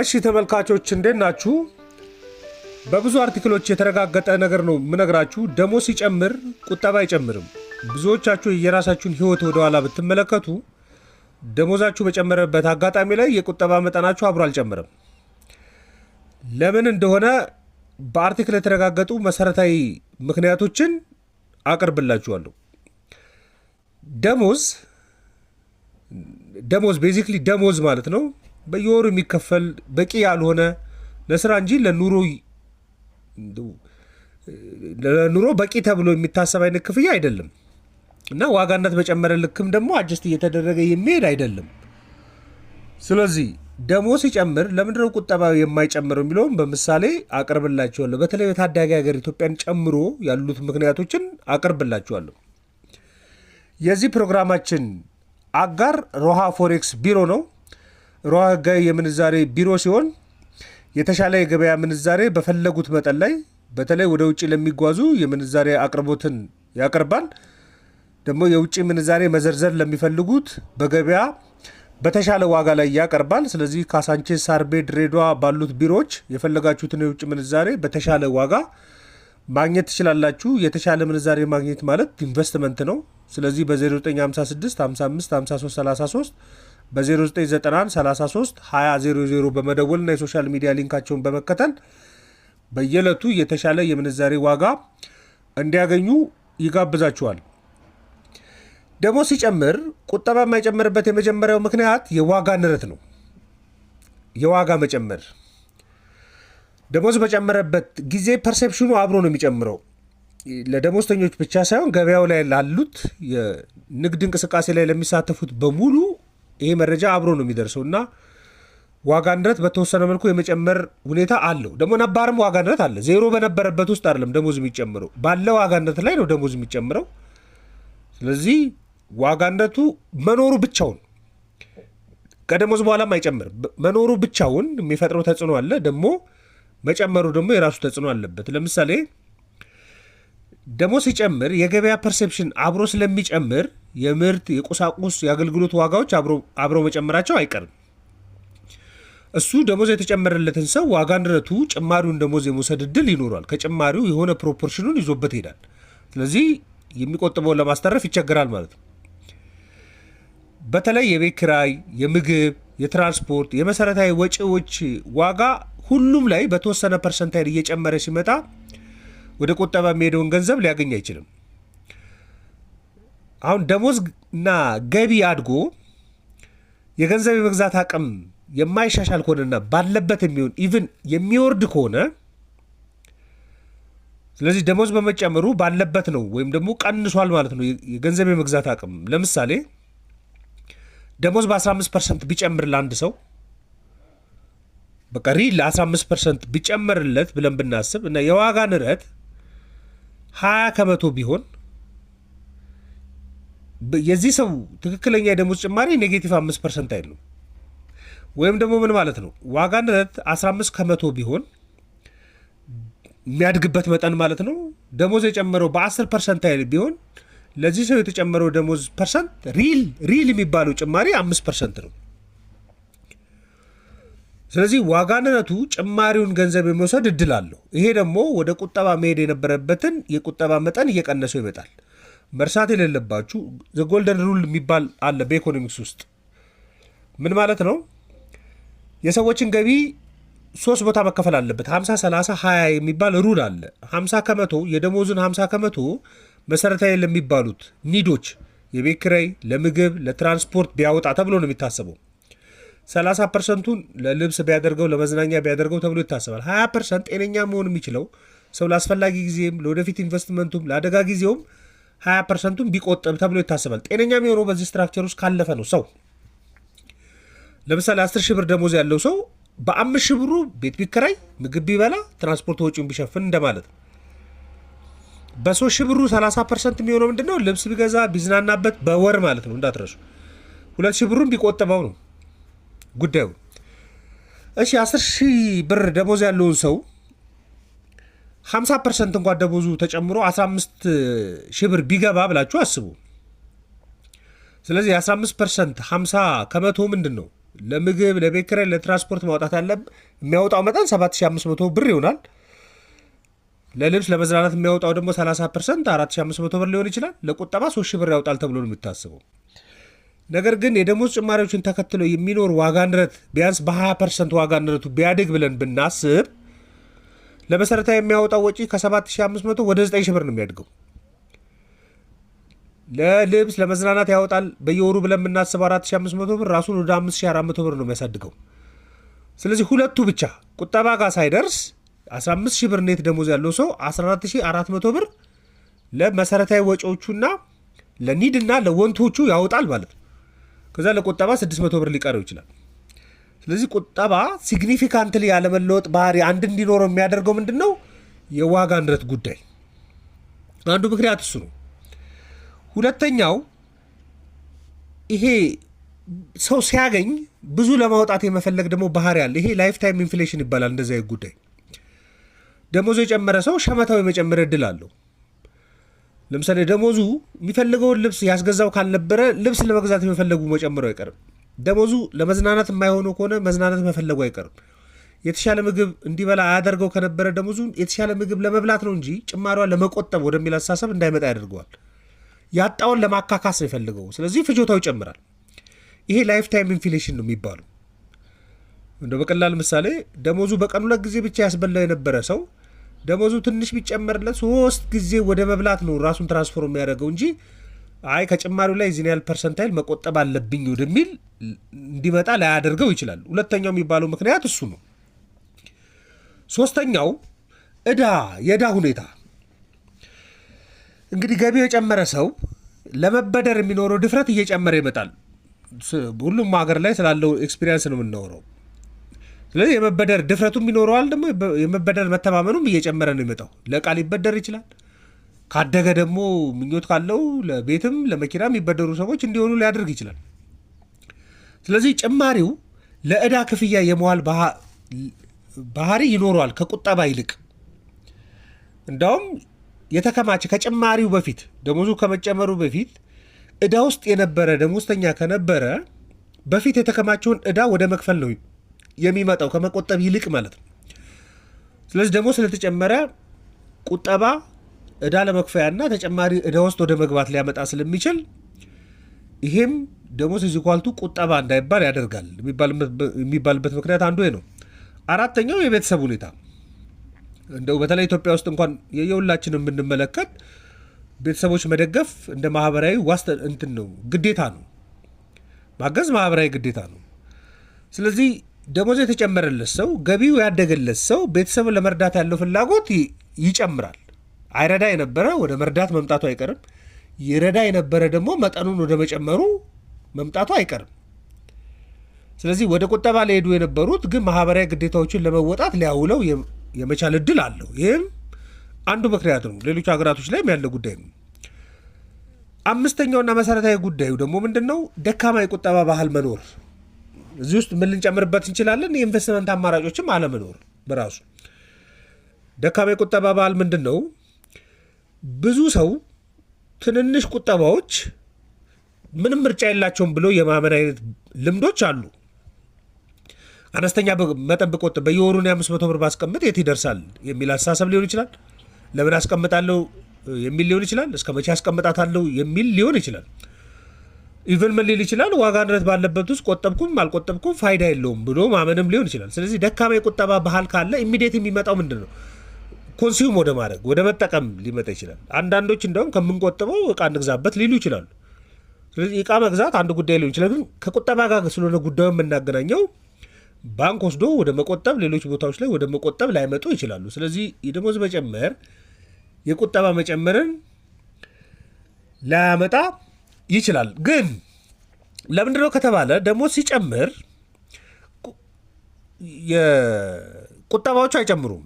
እሺ ተመልካቾች እንዴት ናችሁ? በብዙ አርቲክሎች የተረጋገጠ ነገር ነው የምነግራችሁ። ደሞዝ ሲጨምር ቁጠባ አይጨምርም። ብዙዎቻችሁ የራሳችሁን ህይወት ወደኋላ ብትመለከቱ ደሞዛችሁ በጨመረበት አጋጣሚ ላይ የቁጠባ መጠናችሁ አብሮ አልጨምርም። ለምን እንደሆነ በአርቲክል የተረጋገጡ መሰረታዊ ምክንያቶችን አቅርብላችኋለሁ። ደሞዝ ደሞዝ ቤዚክሊ ደሞዝ ማለት ነው በየወሩ የሚከፈል በቂ ያልሆነ ለስራ እንጂ ለኑሮ ለኑሮ በቂ ተብሎ የሚታሰብ አይነት ክፍያ አይደለም እና ዋጋነት በጨመረ ልክም ደግሞ አጀስት እየተደረገ የሚሄድ አይደለም። ስለዚህ ደሞ ሲጨምር ለምንድነው ቁጠባ የማይጨምረው የሚለውን በምሳሌ አቅርብላችኋለሁ። በተለይ በታዳጊ ሀገር ኢትዮጵያን ጨምሮ ያሉት ምክንያቶችን አቅርብላችኋለሁ። የዚህ ፕሮግራማችን አጋር ሮሃ ፎሬክስ ቢሮ ነው። ሮሃ የምንዛሬ ቢሮ ሲሆን የተሻለ የገበያ ምንዛሬ በፈለጉት መጠን ላይ በተለይ ወደ ውጭ ለሚጓዙ የምንዛሬ አቅርቦትን ያቀርባል። ደግሞ የውጭ ምንዛሬ መዘርዘር ለሚፈልጉት በገበያ በተሻለ ዋጋ ላይ ያቀርባል። ስለዚህ ካሳንቼስ፣ ሳርቤ፣ ድሬዷ ባሉት ቢሮዎች የፈለጋችሁትን የውጭ ምንዛሬ በተሻለ ዋጋ ማግኘት ትችላላችሁ። የተሻለ ምንዛሬ ማግኘት ማለት ኢንቨስትመንት ነው። ስለዚህ በ0956 55 53 33 በ0991 በመደወል 2000 የሶሻል ሚዲያ ሊንካቸውን በመከተል በየዕለቱ የተሻለ የምንዛሬ ዋጋ እንዲያገኙ ይጋብዛቸዋል። ደግሞ ሲጨምር ቁጠባ የማይጨምርበት የመጀመሪያው ምክንያት የዋጋ ንረት ነው። የዋጋ መጨመር ደሞዝ በጨመረበት ጊዜ ፐርሴፕሽኑ አብሮ ነው የሚጨምረው። ለደሞዝተኞች ብቻ ሳይሆን ገበያው ላይ ላሉት የንግድ እንቅስቃሴ ላይ ለሚሳተፉት በሙሉ ይሄ መረጃ አብሮ ነው የሚደርሰው እና ዋጋ ንረት በተወሰነ መልኩ የመጨመር ሁኔታ አለው። ደግሞ ነባርም ዋጋ ንረት አለ። ዜሮ በነበረበት ውስጥ አይደለም ደሞዝ የሚጨምረው፣ ባለው ዋጋ ንረት ላይ ነው ደሞዝ የሚጨምረው። ስለዚህ ዋጋ ንረቱ መኖሩ ብቻውን ከደሞዝ በኋላም አይጨምርም። መኖሩ ብቻውን የሚፈጥረው ተጽዕኖ አለ። ደግሞ መጨመሩ ደግሞ የራሱ ተጽዕኖ አለበት። ለምሳሌ ደሞዝ ሲጨምር የገበያ ፐርሴፕሽን አብሮ ስለሚጨምር የምርት የቁሳቁስ የአገልግሎት ዋጋዎች አብረው መጨመራቸው አይቀርም። እሱ ደሞዝ የተጨመረለትን ሰው ዋጋ ንረቱ ጭማሪውን ደሞዝ የመውሰድ እድል ይኖሯል። ከጭማሪው የሆነ ፕሮፖርሽኑን ይዞበት ይሄዳል። ስለዚህ የሚቆጥበውን ለማስተረፍ ይቸገራል ማለት ነው። በተለይ የቤት ክራይ፣ የምግብ፣ የትራንስፖርት፣ የመሰረታዊ ወጪዎች ዋጋ ሁሉም ላይ በተወሰነ ፐርሰንታይል እየጨመረ ሲመጣ ወደ ቁጠባ የሚሄደውን ገንዘብ ሊያገኝ አይችልም። አሁን ደሞዝ እና ገቢ አድጎ የገንዘብ የመግዛት አቅም የማይሻሻል ከሆነና ባለበት የሚሆን ኢቭን የሚወርድ ከሆነ ስለዚህ ደሞዝ በመጨመሩ ባለበት ነው ወይም ደግሞ ቀንሷል ማለት ነው የገንዘብ የመግዛት አቅም። ለምሳሌ ደሞዝ በ15 ፐርሰንት ቢጨምር ለአንድ ሰው በቀሪ ለ15 ፐርሰንት ቢጨምርለት ብለን ብናስብ እና የዋጋ ንረት 20 ከመቶ ቢሆን የዚህ ሰው ትክክለኛ የደሞዝ ጭማሪ ኔጌቲቭ አምስት ፐርሰንት ነው ወይም ደግሞ ምን ማለት ነው? ዋጋ ንረት 15 ከመቶ ቢሆን የሚያድግበት መጠን ማለት ነው። ደሞዝ የጨመረው በ10 ፐርሰንት አይል ቢሆን ለዚህ ሰው የተጨመረው ደሞዝ ፐርሰንት ሪል ሪል የሚባለው ጭማሪ 5 ፐርሰንት ነው። ስለዚህ ዋጋ ንረቱ ጭማሪውን ገንዘብ የመውሰድ እድል አለው። ይሄ ደግሞ ወደ ቁጠባ መሄድ የነበረበትን የቁጠባ መጠን እየቀነሰው ይመጣል። መርሳት የሌለባችሁ ዘ ጎልደን ሩል የሚባል አለ በኢኮኖሚክስ ውስጥ። ምን ማለት ነው? የሰዎችን ገቢ ሶስት ቦታ መከፈል አለበት። 50 30 20 የሚባል ሩል አለ። 50 ከመቶ የደሞዙን 50 ከመቶ መሰረታዊ ለሚባሉት ኒዶች የቤት ኪራይ፣ ለምግብ፣ ለትራንስፖርት ቢያወጣ ተብሎ ነው የሚታሰበው። 30 ፐርሰንቱን ለልብስ ቢያደርገው ለመዝናኛ ቢያደርገው ተብሎ ይታሰባል። 20 ፐርሰንት ጤነኛ መሆን የሚችለው ሰው ለአስፈላጊ ጊዜም ለወደፊት ኢንቨስትመንቱም ለአደጋ ጊዜውም 20 ፐርሰንቱን ቢቆጥብ ተብሎ ይታሰባል። ጤነኛ የሚሆነው በዚህ ስትራክቸር ውስጥ ካለፈ ነው። ሰው ለምሳሌ 10 ሺህ ብር ደሞዝ ያለው ሰው በአምስት ሺህ ብሩ ቤት ቢከራይ፣ ምግብ ቢበላ፣ ትራንስፖርት ወጪውን ቢሸፍን እንደማለት ነው። በሶስት ሺህ ብሩ 30 ፐርሰንት የሚሆነው ነው? ልብስ ቢገዛ ቢዝናናበት፣ በወር ማለት ነው እንዳትረሱ። ሁለት ሺህ ብሩን ቢቆጥበው ነው ጉዳዩ። እሺ 10 ሺህ ብር ደሞዝ ያለውን ሰው 50 ፐርሰንት እንኳ ደሞዙ ተጨምሮ 15 ሺህ ብር ቢገባ ብላችሁ አስቡ። ስለዚህ 15 ፐርሰንት 50 ከመቶ ምንድን ነው ለምግብ ለቤት ኪራይ ለትራንስፖርት ማውጣት ያለ የሚያወጣው መጠን 7500 ብር ይሆናል። ለልብስ ለመዝናናት የሚያወጣው ደግሞ 30 ፐርሰንት 4500 ብር ሊሆን ይችላል። ለቁጠባ 3000 ብር ያወጣል ተብሎ ነው የሚታስበው። ነገር ግን የደሞዝ ጭማሪዎችን ተከትሎ የሚኖር ዋጋ ንረት ቢያንስ በ20 ፐርሰንት ዋጋ ንረቱ ቢያድግ ብለን ብናስብ ለመሰረታዊ የሚያወጣው ወጪ ከ7500 ወደ 9000 ብር ነው የሚያድገው። ለልብስ ለመዝናናት ያወጣል በየወሩ ብለን የምናስበው 4500 ብር ራሱን ወደ 5400 ብር ነው የሚያሳድገው። ስለዚህ ሁለቱ ብቻ ቁጠባ ጋር ሳይደርስ 15000 ብር ኔት ደሞዝ ያለው ሰው 14400 ብር ለመሰረታዊ ወጪዎቹና ለኒድና ለወንቶቹ ያወጣል ማለት ነው። ከዛ ለቁጠባ 600 ብር ሊቀረው ይችላል። ስለዚህ ቁጠባ ሲግኒፊካንትሊ ያለመለወጥ ባህሪ አንድ እንዲኖረው የሚያደርገው ምንድን ነው? የዋጋ ንረት ጉዳይ አንዱ ምክንያት እሱ ነው። ሁለተኛው ይሄ ሰው ሲያገኝ ብዙ ለማውጣት የመፈለግ ደግሞ ባህሪ አለ። ይሄ ላይፍታይም ኢንፍሌሽን ይባላል። እንደዚያ ጉዳይ ደሞዙ የጨመረ ሰው ሸመታው የመጨመር እድል አለው። ለምሳሌ ደሞዙ የሚፈልገውን ልብስ ያስገዛው ካልነበረ ልብስ ለመግዛት የመፈለጉ መጨመረው አይቀርም። ደሞዙ ለመዝናናት የማይሆነው ከሆነ መዝናናት መፈለጉ አይቀርም። የተሻለ ምግብ እንዲበላ አያደርገው ከነበረ ደሞዙ የተሻለ ምግብ ለመብላት ነው እንጂ ጭማሪዋ ለመቆጠብ ወደሚል አስተሳሰብ እንዳይመጣ ያደርገዋል። ያጣውን ለማካካስ ነው የፈልገው። ስለዚህ ፍጆታው ይጨምራል። ይሄ ላይፍ ታይም ኢንፍሌሽን ነው የሚባለው። እንደ በቀላል ምሳሌ ደሞዙ በቀን ሁለት ጊዜ ብቻ ያስበላው የነበረ ሰው ደሞዙ ትንሽ ቢጨመርለት ሶስት ጊዜ ወደ መብላት ነው ራሱን ትራንስፎርም የሚያደርገው እንጂ አይ ከጭማሪው ላይ ዚን ያህል ፐርሰንታይል መቆጠብ አለብኝ ወደሚል እንዲመጣ ላያደርገው ይችላል። ሁለተኛው የሚባለው ምክንያት እሱ ነው። ሶስተኛው እዳ የእዳ ሁኔታ እንግዲህ ገቢው የጨመረ ሰው ለመበደር የሚኖረው ድፍረት እየጨመረ ይመጣል። ሁሉም ሀገር ላይ ስላለው ኤክስፒሪየንስ ነው የምናወራው። ስለዚህ የመበደር ድፍረቱም ይኖረዋል፣ ደግሞ የመበደር መተማመኑም እየጨመረ ነው ይመጣው። ለቃ ሊበደር ይችላል ካደገ ደግሞ ምኞት ካለው ለቤትም ለመኪና የሚበደሩ ሰዎች እንዲሆኑ ሊያደርግ ይችላል። ስለዚህ ጭማሪው ለእዳ ክፍያ የመዋል ባህሪ ይኖረዋል ከቁጠባ ይልቅ። እንዳውም የተከማቸ ከጭማሪው በፊት ደሞዙ ከመጨመሩ በፊት እዳ ውስጥ የነበረ ደሞዝተኛ ከነበረ በፊት የተከማቸውን እዳ ወደ መክፈል ነው የሚመጣው ከመቆጠብ ይልቅ ማለት ነው። ስለዚህ ደግሞ ስለተጨመረ ቁጠባ እዳ ለመክፈያና ተጨማሪ እዳ ውስጥ ወደ መግባት ሊያመጣ ስለሚችል ይሄም ደሞዝ ዚኳልቱ ቁጠባ እንዳይባል ያደርጋል የሚባልበት ምክንያት አንዱ ነው። አራተኛው የቤተሰብ ሁኔታ እንደው በተለይ ኢትዮጵያ ውስጥ እንኳን የየሁላችን የምንመለከት ቤተሰቦች መደገፍ እንደ ማህበራዊ ዋስተ እንትን ነው፣ ግዴታ ነው። ማገዝ ማህበራዊ ግዴታ ነው። ስለዚህ ደሞዝ የተጨመረለት ሰው፣ ገቢው ያደገለት ሰው ቤተሰብን ለመርዳት ያለው ፍላጎት ይጨምራል። አይረዳ የነበረ ወደ መርዳት መምጣቱ አይቀርም። ይረዳ የነበረ ደግሞ መጠኑን ወደ መጨመሩ መምጣቱ አይቀርም። ስለዚህ ወደ ቁጠባ ሊሄዱ የነበሩት ግን ማህበራዊ ግዴታዎችን ለመወጣት ሊያውለው የመቻል እድል አለው። ይህም አንዱ ምክንያት ነው። ሌሎች ሀገራቶች ላይም ያለ ጉዳይ ነው። አምስተኛውና መሰረታዊ ጉዳዩ ደግሞ ምንድን ነው? ደካማ የቁጠባ ባህል መኖር። እዚህ ውስጥ ምን ልንጨምርበት እንችላለን? የኢንቨስትመንት አማራጮችም አለመኖር በራሱ ደካማ የቁጠባ ባህል ምንድን ነው? ብዙ ሰው ትንንሽ ቁጠባዎች ምንም ምርጫ የላቸውም ብሎ የማመን አይነት ልምዶች አሉ። አነስተኛ መጠን ብቆጥብ በየወሩን የአምስት መቶ ብር ባስቀምጥ የት ይደርሳል የሚል አስተሳሰብ ሊሆን ይችላል። ለምን አስቀምጣለሁ የሚል ሊሆን ይችላል። እስከ መቼ አስቀምጣታለሁ የሚል ሊሆን ይችላል። ኢቨን ምን ሊል ይችላል፣ ዋጋ ንረት ባለበት ውስጥ ቆጠብኩም አልቆጠብኩም ፋይዳ የለውም ብሎ ማመንም ሊሆን ይችላል። ስለዚህ ደካማ የቁጠባ ባህል ካለ ኢሚዲየት የሚመጣው ምንድን ነው? ኮንሱም ወደ ማድረግ ወደ መጠቀም ሊመጣ ይችላል። አንዳንዶች እንደውም ከምንቆጥበው እቃ እንግዛበት ሊሉ ይችላሉ። ስለዚህ እቃ መግዛት አንድ ጉዳይ ሊሆን ይችላል። ግን ከቁጠባ ጋር ስለሆነ ጉዳዩ የምናገናኘው ባንክ ወስዶ ወደ መቆጠብ፣ ሌሎች ቦታዎች ላይ ወደ መቆጠብ ላይመጡ ይችላሉ። ስለዚህ የደሞዝ መጨመር የቁጠባ መጨመርን ላያመጣ ይችላል። ግን ለምንድነው ከተባለ ደሞዝ ሲጨምር ቁጠባዎቹ አይጨምሩም።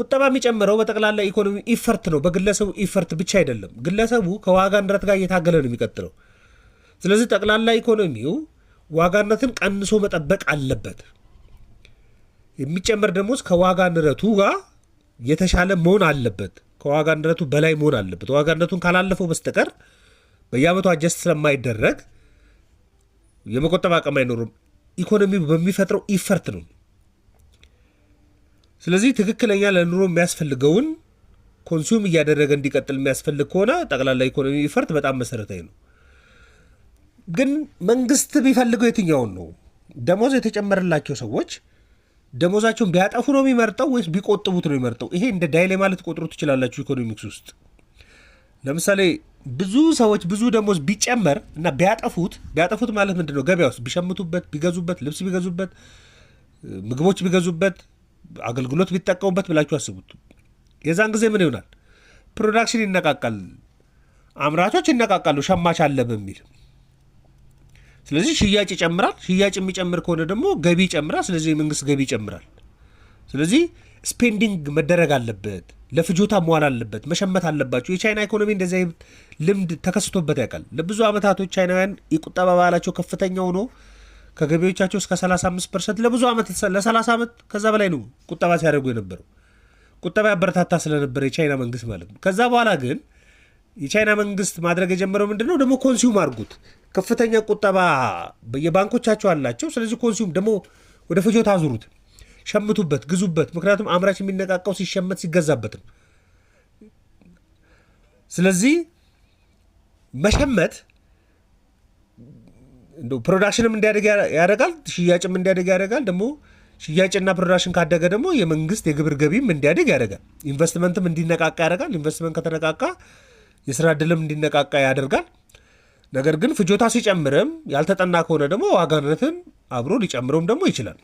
ቁጠባ የሚጨምረው በጠቅላላ ኢኮኖሚ ኢፈርት ነው፣ በግለሰቡ ኢፈርት ብቻ አይደለም። ግለሰቡ ከዋጋ ንረት ጋር እየታገለ ነው የሚቀጥለው። ስለዚህ ጠቅላላ ኢኮኖሚው ዋጋነትን ቀንሶ መጠበቅ አለበት። የሚጨመር ደግሞ ከዋጋ ንረቱ ጋር የተሻለ መሆን አለበት። ከዋጋ ንረቱ በላይ መሆን አለበት። ዋጋ ንረቱን ካላለፈው በስተቀር በየአመቱ አጀስት ስለማይደረግ የመቆጠብ አቅም አይኖሩም። ኢኮኖሚው በሚፈጥረው ኢፈርት ነው ስለዚህ ትክክለኛ ለኑሮ የሚያስፈልገውን ኮንሱም እያደረገ እንዲቀጥል የሚያስፈልግ ከሆነ ጠቅላላ ኢኮኖሚ ይፈርት በጣም መሰረታዊ ነው። ግን መንግስት ቢፈልገው የትኛውን ነው? ደሞዝ የተጨመረላቸው ሰዎች ደሞዛቸውን ቢያጠፉ ነው የሚመርጠው ወይስ ቢቆጥቡት ነው የሚመርጠው? ይሄ እንደ ዳይሌማ ልትቆጥሩ ትችላላችሁ። ኢኮኖሚክስ ውስጥ ለምሳሌ ብዙ ሰዎች ብዙ ደሞዝ ቢጨመር እና ቢያጠፉት ቢያጠፉት ማለት ምንድን ነው? ገበያ ውስጥ ቢሸምቱበት፣ ቢገዙበት፣ ልብስ ቢገዙበት፣ ምግቦች ቢገዙበት አገልግሎት ቢጠቀሙበት ብላችሁ አስቡት። የዛን ጊዜ ምን ይሆናል? ፕሮዳክሽን ይነቃቃል፣ አምራቾች ይነቃቃሉ፣ ሸማች አለ በሚል ስለዚህ ሽያጭ ይጨምራል። ሽያጭ የሚጨምር ከሆነ ደግሞ ገቢ ይጨምራል። ስለዚህ የመንግስት ገቢ ይጨምራል። ስለዚህ ስፔንዲንግ መደረግ አለበት፣ ለፍጆታ መዋል አለበት፣ መሸመት አለባቸው። የቻይና ኢኮኖሚ እንደዚህ ልምድ ተከስቶበት ያውቃል። ለብዙ ዓመታቶች ቻይናውያን የቁጠባ ባህላቸው ከፍተኛ ሆኖ ከገቢዎቻቸው እስከ 35 ፐርሰንት ለብዙ ዓመት ለ30 ዓመት ከዛ በላይ ነው ቁጠባ ሲያደርጉ የነበረው። ቁጠባ ያበረታታ ስለነበረ የቻይና መንግስት ማለት ነው። ከዛ በኋላ ግን የቻይና መንግስት ማድረግ የጀመረው ምንድነው ደግሞ ኮንሱም አድርጉት። ከፍተኛ ቁጠባ የባንኮቻቸው አላቸው። ስለዚህ ኮንሱም ደግሞ ወደ ፍጆታ አዙሩት፣ ሸምቱበት፣ ግዙበት። ምክንያቱም አምራች የሚነቃቀው ሲሸመት ሲገዛበት ነው። ስለዚህ መሸመት ፕሮዳክሽንም እንዲያደግ ያደርጋል፣ ሽያጭም እንዲያደግ ያደርጋል። ደግሞ ሽያጭና ፕሮዳክሽን ካደገ ደግሞ የመንግስት የግብር ገቢም እንዲያደግ ያደርጋል። ኢንቨስትመንትም እንዲነቃቃ ያደርጋል። ኢንቨስትመንት ከተነቃቃ የስራ እድልም እንዲነቃቃ ያደርጋል። ነገር ግን ፍጆታ ሲጨምርም ያልተጠና ከሆነ ደግሞ ዋጋ አብሮ ሊጨምረውም ደግሞ ይችላል።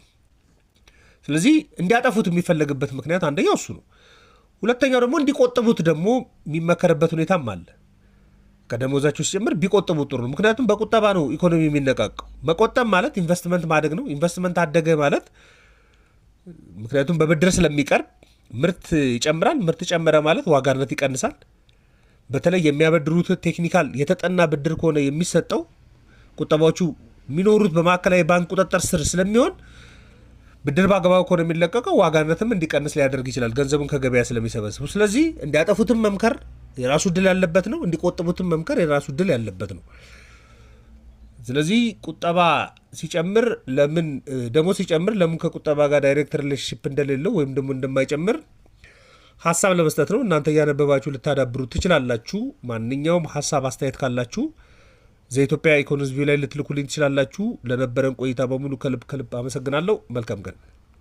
ስለዚህ እንዲያጠፉት የሚፈለግበት ምክንያት አንደኛው እሱ ነው። ሁለተኛው ደግሞ እንዲቆጥቡት ደግሞ የሚመከርበት ሁኔታም አለ። ከደሞዛቸው ሲጨምር ቢቆጥቡ ጥሩ ነው። ምክንያቱም በቁጠባ ነው ኢኮኖሚ የሚነቃቀው። መቆጠብ ማለት ኢንቨስትመንት ማደግ ነው። ኢንቨስትመንት አደገ ማለት ምክንያቱም በብድር ስለሚቀርብ ምርት ይጨምራል። ምርት ጨመረ ማለት ዋጋ ንረት ይቀንሳል። በተለይ የሚያበድሩት ቴክኒካል የተጠና ብድር ከሆነ የሚሰጠው ቁጠባዎቹ የሚኖሩት በማዕከላዊ ባንክ ቁጥጥር ስር ስለሚሆን ብድር በአግባቡ ከሆነ የሚለቀቀው ዋጋ ንረትም እንዲቀንስ ሊያደርግ ይችላል፣ ገንዘቡን ከገበያ ስለሚሰበስቡ። ስለዚህ እንዲያጠፉትም መምከር የራሱ ድል ያለበት ነው። እንዲቆጥቡትም መምከር የራሱ ድል ያለበት ነው። ስለዚህ ቁጠባ ሲጨምር ለምን ደግሞ ሲጨምር ለምን ከቁጠባ ጋር ዳይሬክት ሪሌሽንሽፕ እንደሌለው ወይም ደግሞ እንደማይጨምር ሀሳብ ለመስጠት ነው። እናንተ እያነበባችሁ ልታዳብሩ ትችላላችሁ። ማንኛውም ሀሳብ አስተያየት ካላችሁ ዘኢትዮጵያ ኢኮኖሚ ላይ ልትልኩልኝ ትችላላችሁ። ለነበረን ቆይታ በሙሉ ከልብ ከልብ አመሰግናለሁ። መልካም ቀን